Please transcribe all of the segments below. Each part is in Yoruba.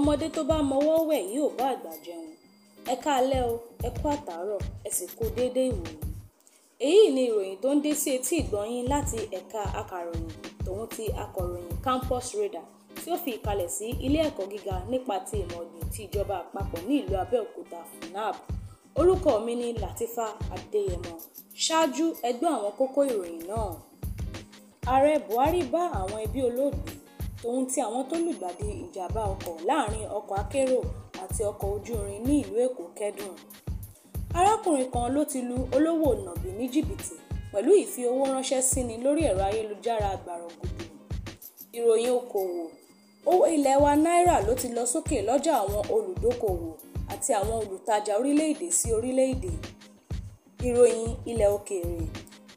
ọmọdé tó bá mọwọ́ wẹ̀ yóò bá àgbà jẹun ẹ káalẹ́ o ẹ kú àtàárọ̀ ẹ sì kú déédé ìwòyí èyí ni ìròyìn tó ń dé sí etí ìgbọ̀nyín láti ẹ̀ka akàròyìn tòun ti akọ̀ròyìn campus radar tí ó fi ìkalẹ̀ sí ilé ẹ̀kọ́ gíga nípa ti ìmọ̀ ọ̀gbìn ti ìjọba àpapọ̀ ní ìlú abẹ́òkúta funab orúkọ mi ni latifa adéyẹmọ ṣáájú ẹgbẹ́ àwọn kókó ìròyìn náà ààrẹ buhari bá àwọn ẹbí olóògbé tòun ti àwọn tó lùgbàdì ìjàmbá ọkọ̀ láàrin ọkọ̀ akérò àti ọkọ̀ ojú irin ní ìlú Èkó kẹ́dùn. Arákùnrin kan ló ti lu olówò nàbì ní jìbìtì pẹ̀lú ìfi owó ránṣẹ́ síni lórí ẹ̀rọ ayélujára gbàrọ̀gùdù. Ìròyìn okòwò Owó ilẹ̀ wa náírà ló ti lọ sókè lọ́jà àwọn olùdókòwò àti àwọn olùtajà orílẹ̀-èdè sí orílẹ̀-èdè. Ìròyìn ilẹ̀ òkèèrè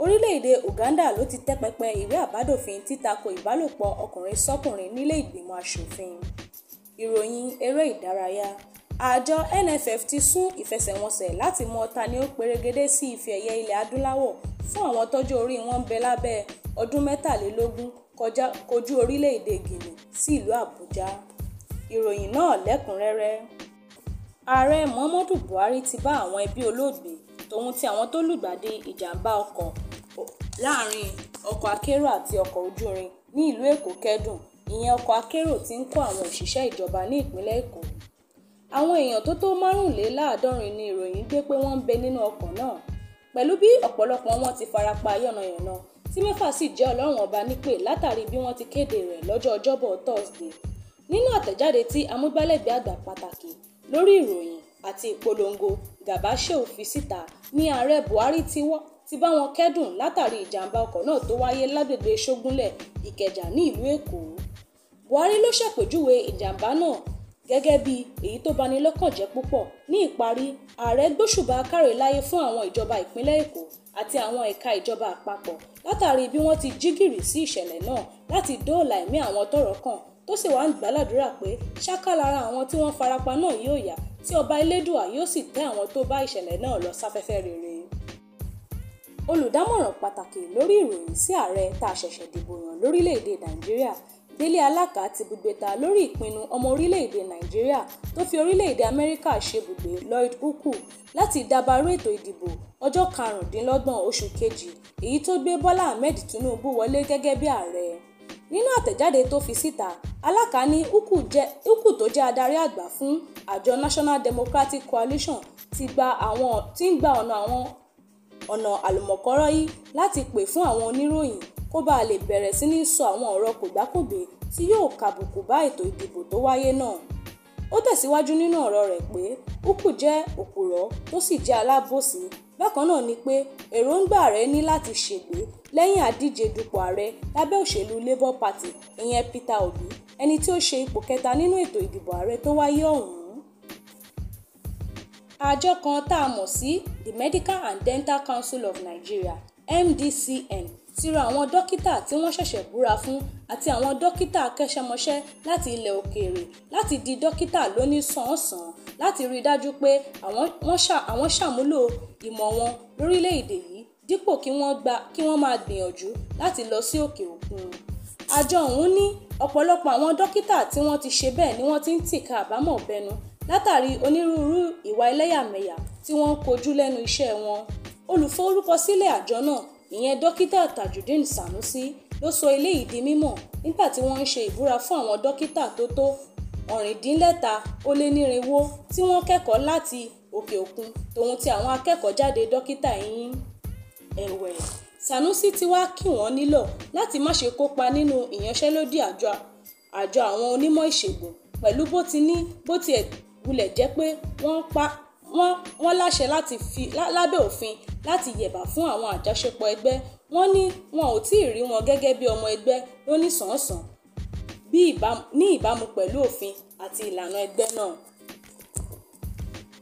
orílẹ̀-èdè Uganda ló ti tẹ́ pẹpẹ ìwé àbádòfin títakò ìbálòpọ̀ ọkùnrin sọ́kùnrin nílé ìgbìmọ̀ aṣòfin. Ìròyìn eré ìdárayá Àjọ NFF ti sún ìfẹsẹ̀wọnsẹ̀ láti mọ ta ni ó perégedé sí ife ẹ̀yẹ ilẹ̀ adúláwọ̀ fún àwọn tọ́jú orí wọn ń bẹ lábẹ́ ọdún mẹ́tàlélógún kojú orílẹ̀-èdè Guinea sí ìlú Àbújá. Ìròyìn náà lẹ́kùnrẹ́rẹ́. Ààrẹ Muhammadu Buhari ti bá àwọn ẹbí olóògbé tòun ti àwọn tó lùgbàdì ìjàmbá ọkọ̀ láàrin ọkọ̀ akérò àti ọkọ̀ ojú irin ní ìlú Èkó kẹ́dùn ìyẹn ọkọ̀ akérò tí ń kó àwọn òṣìṣẹ́ ìjọba ní ìpínlẹ̀ Èkó. Àwọn èèyàn tó tó márùnléláàádọ́rin ni ìròyìn gbé pé wọ́n ń bẹ nínú ọkọ̀ náà pẹ̀lú bí ọ̀pọ̀lọpọ̀ wọn ti farapa yánnayànna tí mẹ́fà sì jẹ́ Ọlọ́run ọba nípè látàrí bí wọ́n ti kéde rẹ̀ lọ́jọ́ Ọjọ́bọ̀ Thursday nínú àtẹ̀jáde tí amúgbálẹ́gbẹ̀ẹ́ àgbà pàtàkì lórí ìròyìn àti ìpolongo Gabashev fi síta ní ààrẹ Buhari ti bá wọn kẹ́dùn látàrí ìjàmbá ọkọ̀ náà tó wáyé lágbègbè Ṣógúnlẹ̀ Ìkẹjà ní ìlú Èkó Buhari ló ṣàpèjúwe ìjàmbá náà gẹ́gẹ́ bí èyí tó bani lọ́kàn jẹ́ púpọ̀ ní ìparí ààrẹ gbóṣùbà káre láyé fún àwọn ìjọba ìpínlẹ̀ èkó àti àwọn ẹ̀ka ìjọba àpapọ̀ látàrí bí wọ́n ti jí gìrì sí ìṣẹ̀lẹ̀ náà láti dóòlà ẹ̀mí àwọn tọ́rọ̀ kàn tó sì wá gbàládùra pé ṣáká lára àwọn tí wọ́n farapa náà yóò yá tí ọba elédùà yóò sì tẹ́ àwọn tó bá ìṣẹ̀lẹ̀ náà lọ sáfẹ́fẹ́ rere olùdámọ̀ràn pàtàkì lórí ìròyìn sí ààrẹ tá a ṣẹ̀ṣẹ̀ dìbò yàn lórílẹ̀‐èdè nàìjíríà délé alákà ti bùgbẹ̀ta lórí ìpinnu ọmọ orílẹ̀‐èdè nàìjíríà tó fi orílẹ̀‐èdè amẹ́ríkà ṣebùgbé lloyd ukwu láti dabarú ètò ìdìbò ọjọ́ karùndínlọ́gbọ̀n oṣù kejì èyí tó gbé bọ́lá ahmed tinubu wọlé gẹ́gẹ́ bí ààrẹ nínú àtẹ̀jáde tó fi síta alákà ní ukwu tó jẹ́ adarí àgbà fún àjọ national democratic coalition ti gba àwọn tí gba ọ̀nà àwọn ọ̀nà àlùmọ̀kọ́rọ́ yìí láti pè fún àwọn oníròyìn kó bàa lè bẹ̀rẹ̀ sí ní sọ àwọn ọ̀rọ̀ kògbákògbé tí yóò kàbùkù bá ètò ìdìbò tó wáyé náà ó tẹ̀síwájú nínú ọ̀rọ̀ rẹ̀ pé Ukwu jẹ́ òpùrọ́ tó sì jẹ́ alábòsí bákan náà ni pé èròǹgbà rẹ̀ ní láti ṣègbè lẹ́yìn àdíje dupò ààrẹ lábẹ́ òṣèlú Labour Party ìyẹn Peter Obi ẹni tí ó ṣe ipò kẹta nínú ètò ìdìbò ààrẹ tó wáyé ọ̀hún àjọ kan tá a mọ̀ sí the medical and dental council of nigeria mdcn ti rọ àwọn dókítà tí wọ́n ṣẹ̀ṣẹ̀ búra fún àti àwọn dókítà akẹ́ṣẹ́mọṣẹ́ láti ilẹ̀ òkèèrè láti di dókítà lóní sànsàn láti rí i dájú pé àwọn ṣàmúlò ìmọ̀ wọn lórílẹ̀‐èdè yìí dípò kí wọ́n máa gbìyànjú láti lọ sí òkè òkun àjọ ọ̀hún ní ọ̀pọ̀lọpọ̀ àwọn dókítà tí wọ́n ti ṣe bẹ́ẹ̀ ni wọ́n ti ń tìka àbámọ̀ bẹnu látàrí onírúurú ìwà ẹlẹ́yàmẹ̀yà tí wọ́n ń kojú lẹ́nu iṣẹ́ wọn olùforúkọsílẹ̀ àjọ náà ìyẹn dókítà tajudeen sanusi ló sọ eléyìí di mímọ̀ nígbà tí wọ́n ń ṣe ìbúra fún àwọn dókítà tó tó ọ̀rìndínlẹ́ta ó lé nírinwó tí wọ́n kẹ́kọ̀ọ́ láti òkè òkun tòun ti àwọn akẹ́kọ̀ọ́ jáde dókítà eyín ẹ̀wẹ̀ sanusi ti wá kí wọ́n nílò láti má ṣe kópa nínú ìyanṣẹ́lódì àjọ àwọn onímọ̀ ìṣègùn pẹ̀lú bó ti ní bó tiẹ̀ wulẹ̀ jẹ́ pé wọ́n pa wọ́n wọ́n láṣẹ láti fi lábẹ́ òfin láti yẹ̀bà fún àwọn àjọṣepọ̀ ẹgbẹ́ wọ́n ní wọn ò tí ì rí wọn gẹ́gẹ́ bí ọmọ ẹgbẹ́ ló ní sànsàn ní ìbámu pẹ̀lú òfin àti ìlànà ẹgbẹ́ náà.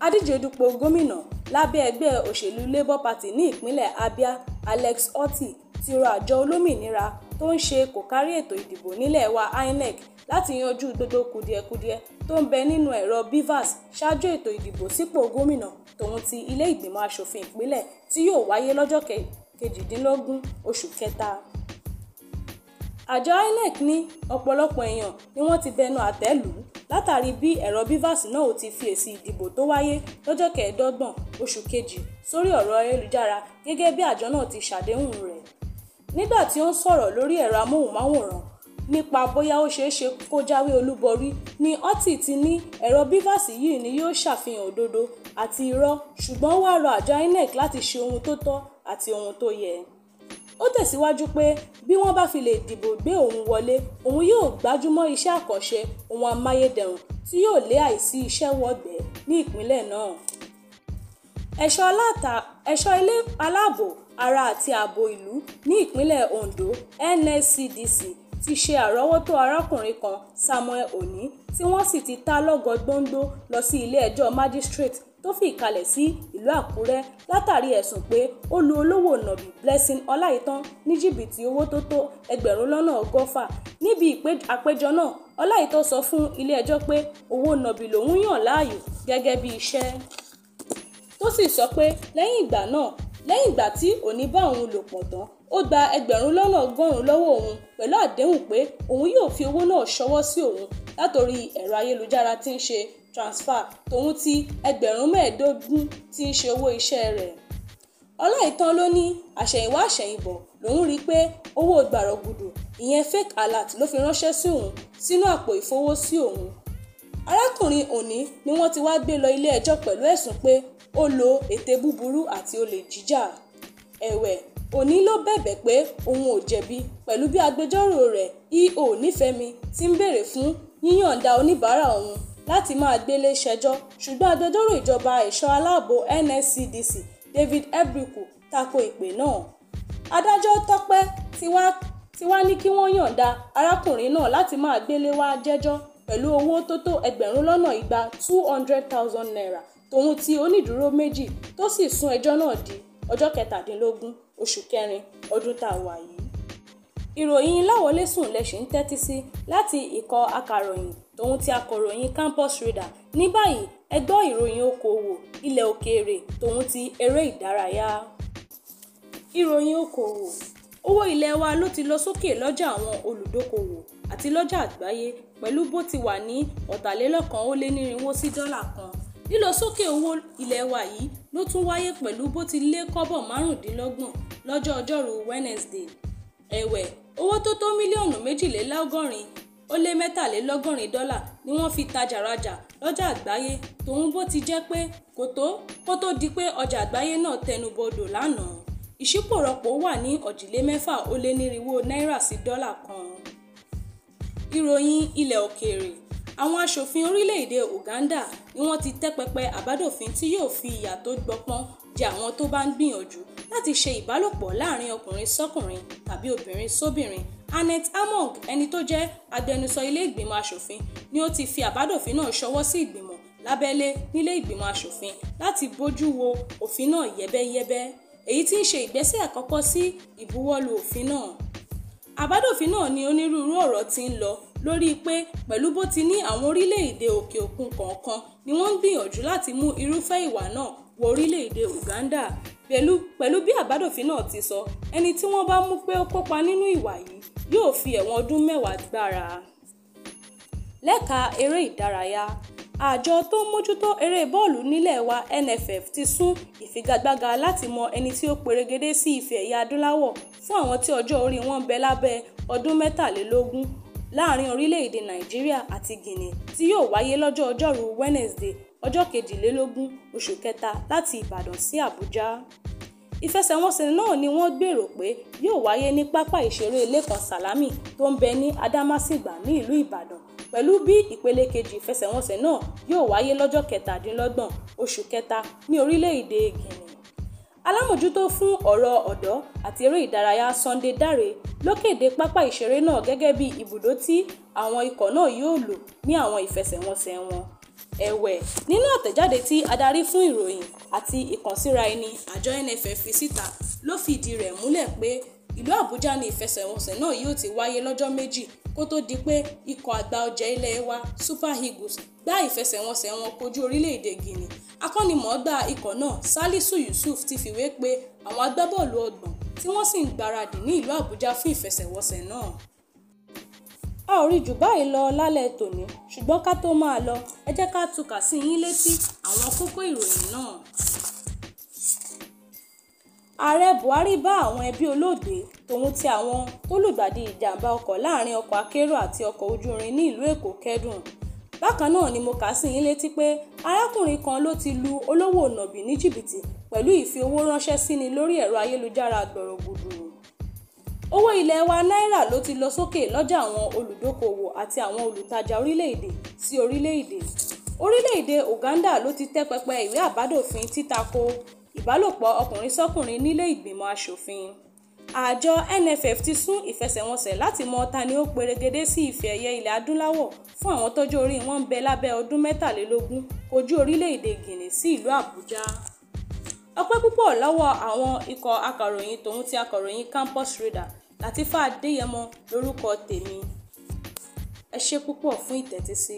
adíje dupò gómìnà lábẹ́ ẹgbẹ́ òṣèlú labour party ní ìpínlẹ̀ abia alex otti ti rọ àjọ olómìnira tó ń ṣe kòkárí ètò ìdìbò nílẹ̀ wa inec láti yanjú gbogbo kùdìẹ̀kudiẹ tó ń bẹ nínú ẹ̀rọ bivas ṣáájú ètò ìdìbò sípò gómìnà tòun ti ilé ìgbìmọ̀ asòfin ìpínlẹ̀ tí yóò wáyé lọ́jọ́ kejìdínlógún oṣù kẹta àjọ INEC ní ọ̀pọ̀lọpọ̀ èèyàn ni wọ́n ti bẹnu àtẹ́ lù ú látàrí bí ẹ̀rọ bivas náà ò ti fi èsì ìdìbò tó wáyé lọ́jọ́ kẹẹ̀ẹ́dọ́gbọ̀n oṣù kejì sórí ọ̀rọ̀ ayélujára gẹ́gẹ́ bí àjọ náà ti ṣàdéhùn rẹ̀ nígbà tí ó ń sọ̀rọ̀ lórí ẹ̀rọ amóhùnmáwòrán nípa bóyá ó ṣeé ṣe kó jáwé olúborí ni otti ti ní ẹ̀rọ bivas yìí ni yóò ṣàfihàn òdodo àti irọ́ ṣùgbọ́n ó wáá rọ àjọ inec láti ṣe ohun tó tọ́ àti ohun tó yẹ ó tẹ̀síwájú pé bí wọ́n bá fi lè dìbò gbé òun wọlé òun yóò gbájúmọ́ iṣẹ́ àkànṣe ohun amáyédẹrùn tí yóò lé àìsí iṣẹ́ wọ̀gbẹ́ ní ìpínlẹ̀ náà. ẹ̀ṣọ́ ilé aláàbò ara àti ààbò ìlú ní ìpínlẹ̀ Ondo NSCDC ti ṣe àrọ́wọ́tó arákùnrin kan samuel Oni, tí wọ́n sì ti ta lọ́gọ gbóńdó lọ sí ilé-ẹjọ́ magistrate tó fi ìkalẹ̀ sí ìlú àkúrẹ́ látàrí ẹ̀sùn pé ó lu olówó nàbì blessing ọláìtàn ní jìbìtì owó tó tó ẹgbẹ̀rún lọ́nà ọgọ́fà níbi àpéjọ náà ọláìtàn sọ fún ilé-ẹjọ́ pé owó nàbì lòún yàn láàyò gẹ́gẹ́ bí iṣẹ́ tó sì sọ pé lẹ́yìn ìgbà náà lẹ́yìn ìgbà tí òní bá òun lò pọ̀ tán ó gba ẹgbẹ̀rún lọ́nà ọgọ́rùn-ún lọ́wọ́ òun pẹ̀lú àdéhùn pé òun yóò fi owó náà ṣọwọ́ sí òun látòrí ẹ̀rọ ayélujára tí ń ṣe transfer tòun ti ẹgbẹ̀rún mẹ́ẹ̀ẹ́dógún tí ń ṣe owó iṣẹ́ rẹ̀ ọláìtàn ló ní àṣẹ̀yìnwá àṣẹ̀yìnbọ̀ lòun rí i pé owó gbàrọ̀gùdù ìyẹn fake alert ló fi ránṣẹ́ sí òun sínú àpò ìfowósí òun arákùnrin òní ni wọ́n ti wá gbé lọ ilé ẹjọ́ pẹ̀lú ẹ̀sùn pé ó lo ète búburú àti olè jíjà ẹ̀wẹ̀ òní ló bẹ̀bẹ̀ pé òun ò jẹ̀bi pẹ̀lú bí agbẹjọ́rò rẹ̀ E.O. Nífẹ̀mí ti ń béèrè fún yíyànda oníbàárà òun láti máa gbélé ṣẹjọ́ ṣùgbọ́n agbẹjọ́rò ìjọba ẹ̀ṣọ́ aláàbò NSCDC David Ebriku tako ìpè náà adájọ́ Tọ́pẹ́ ti wá ní kí wọ́n yọ̀ǹda arákùnrin náà láti máa gbélé wá jẹ́jọ́ pẹ̀lú owó tó tó ẹgbẹ̀rún lọ́nà igba two hundred thousand naira tòun ti onídùúró méjì tó sì sún ẹjọ́ náà di ọjọ́ kẹtàdínlógún oṣù kẹrin ọdún tá a wà yìí. ìròyìn láwọlẹ́sùn lẹ́sìn ń tẹ́tí sí láti ikọ̀ akàròyìn tòun ti akọ̀ròyìn campus reader. ní báyìí ẹ gbọ́ ìròyìn okòwò ilẹ̀ òkèèrè tòun ti eré ìdárayá. ìròyìn okòwò owó ilẹ̀ wa ló ti lọ sókè lọ́jà àwọn olùdókòwò àti lọ́jà àgbáyé pẹ̀lú bó ti wà ní ọ̀tàlélọ́kan ó lé nírinwó sí dọ́là kan lílọ sókè owó ilẹ̀ wa yìí ló tún wáyé pẹ̀lú bó ti lé kọ́bọ̀ márùndínlọ́gbọ̀n lọ́jọ́ ọjọ́rú Wednesday ẹ̀wẹ̀ owó tó tó mílíọ̀nù méjìlélọ́gọ́rin ó lé mẹ́tàlélọ́gọ́rin dọ́là ni wọ́n fi tajà rajà lọ́jà àgbáyé tòun bó ti jẹ́ pé kò tó kó tó di pé ọjà àgbáyé náà tẹnubodò lánàá ìṣípòrọ̀pọ̀ wà ní ọ̀jìlémẹ́fà ó lé nírinwó náírà sí dọ́là kan. ìròyìn ilẹ̀ òkèèrè àwọn aṣòfin orílẹ̀-èdè Uganda ni wọ́n ti tẹ́ pẹpẹ àbádòfin tí yóò fi ìyà tó gbọpọ́n jẹ àwọn tó bá ń gbìyànjú láti ṣe ìbálòpọ̀ láàrin ọkùnrin sọ́kùnrin tàbí obìnrin sóbìnrin Annette Among ẹni tó jẹ́ agbẹnusọ ilé ìgbìmọ̀ aṣòfin ni ó ti fi àbádòfin náà ṣọwọ́ sí ìgbìmọ̀ lábẹ́lé nílé ìgbìmọ̀ aṣòfin láti bójú wo òfin náà yẹ́bẹ́yẹ́bẹ́ èyí tí ń ṣe ìgbésẹ̀ àkọ́kọ́ sí ìbuwọ́lù òfin náà àbádòfin náà ni onírúurú ọ̀rọ̀ ti ń lọ lórí pé pẹ̀lú bó ti ní àwọn orílẹ̀-èdè òkè òkun kọ̀ọ̀kan ni wọ́n ń gbìyànjú láti mú irúfẹ́ ìwà náà wọ orílẹ̀-èdè Uganda pẹ̀lú pẹ̀lú bí àbádòfin náà ti sọ ẹni tí wọ́n bá mú pé ó kópa nínú ìwà yìí yóò fi ẹ̀wọ̀n ọdún mẹ́wàá gbára. lẹ́ka eré ìdárayá àjọ tó ń mójútó eré bọ́ọ̀lù nílẹ̀ wa NFF ti sún ìfigagbága láti mọ ẹni tí ó perégedé sí ife ẹ̀yà adúláwọ̀ fún àwọn tí ọjọ́ orí wọn bẹ lábẹ́ ọdún mẹ́tàlélógún láàrin orílẹ̀-èdè nàìjíríà àti guinea tí yóò wáyé lọ́jọ́ ọjọ́rú wednesday ọjọ́ kejìlélógún oṣù kẹta láti ìbàdàn sí àbújá ìfẹsẹ̀wọnsẹ̀ náà ni wọ́n gbèrò pé yóò wáyé ní pápá ìṣeré lẹ́kàn sàlámì tó ń bẹ ní adámásìgbà ní ìlú ìbàdàn pẹ̀lú bí ìpele kejì ìfẹsẹ̀wọnsẹ̀ náà yóò wáyé lọ́jọ́ kẹtàdínlọ́gbọ̀n oṣù kẹta ní orílẹ̀-èdè guinea alámòjútó fún ọ̀rọ̀ ọ̀dọ́ àti eré ìdárayá Sunday Dare ló kéde pápá ìṣeré náà gẹ́gẹ́ bí ibùdó tí àwọn ikọ̀ náà yóò lò ní àwọn ìfẹsẹ̀wọnsẹ̀ wọn ẹ̀wẹ̀ nínú àtẹ̀jáde tí adarí fún ìròyìn àti ìkànsíra ẹni àjọ NFF fi síta ló fìdí rẹ̀ múlẹ̀ pé ìlú àbújá ni ìfẹsẹ̀wọnsẹ̀ náà yóò ti wáyé lọ́jọ́ méjì kó tó di pé ikọ̀ àgbà ọ̀jẹ̀ ilẹ̀ wa super eagles gbá ìfẹsẹ̀wọnsẹ̀ wọn kojú orílẹ̀-èdè guinea akọ́nimọ̀ọ́gbà ikọ̀ náà salisu yusuf ti fìwé pe àwọn agbábọ́ọ̀lù ọgbọ̀n tí wọ́n sì ń gbáradì ní ìlú àbújá fún ìfẹsẹ̀wọnsẹ̀ náà a ò rí jù báyìí lọ lálẹ́ tòní ṣùgbọ́n ká tó máa lọ ẹ jẹ́ ká túkà sí yín létí àwọn kókó ìròyìn náà ààrẹ buhari bá àwọn ẹbí olóògbé tòun ti àwọn tó lùgbàdì ìjàmbá ọkọ̀ láàrin ọkọ̀ akérò àti ọkọ̀ ojú irin ní ìlú èkó kẹ́dùn bákan náà ni mo kà sí yín létí pé arákùnrin kan ló ti lu olówó nàbì ní jìbìtì pẹ̀lú ìfi owó ránṣẹ́ sí ni lórí ẹ̀rọ ayélujára gbọ̀rọ̀gbùdù owó ilẹ̀ wa náírà ló ti lọ sókè lọ́jà àwọn olùdókòwò àti àwọn olùtajà orílẹ̀-èdè sí orílẹ̀-èdè orílẹ̀-èdè Uganda ló ti tẹ́ pẹpẹ ìwé àbádòfin títakò ìbálòpọ̀ ọkùnrin sọ́kùnrin nílé ìgbìmọ̀ asòfin àjọ NFF ti sún ìfẹsẹ̀wọnsẹ̀ láti mọ ta ni ó perégedé sí ife ẹ̀yẹ ilẹ̀ adúláwọ̀ fún àwọn tọ́jọ́ orí wọn ń bẹ lábẹ́ ọdún mẹ́tàlélógún ojú orílẹ̀-èdè Guinea sí ìlú Àbújá ọpẹ́ púpọ̀ lọ́wọ́ àwọn ikọ̀ akọ̀ròyìn tòun ti akọ̀ròyìn campus radar Latifa Adéyẹmọ lórúkọ tèmi ẹ ṣé púpọ̀ fún ìtẹ́tísí.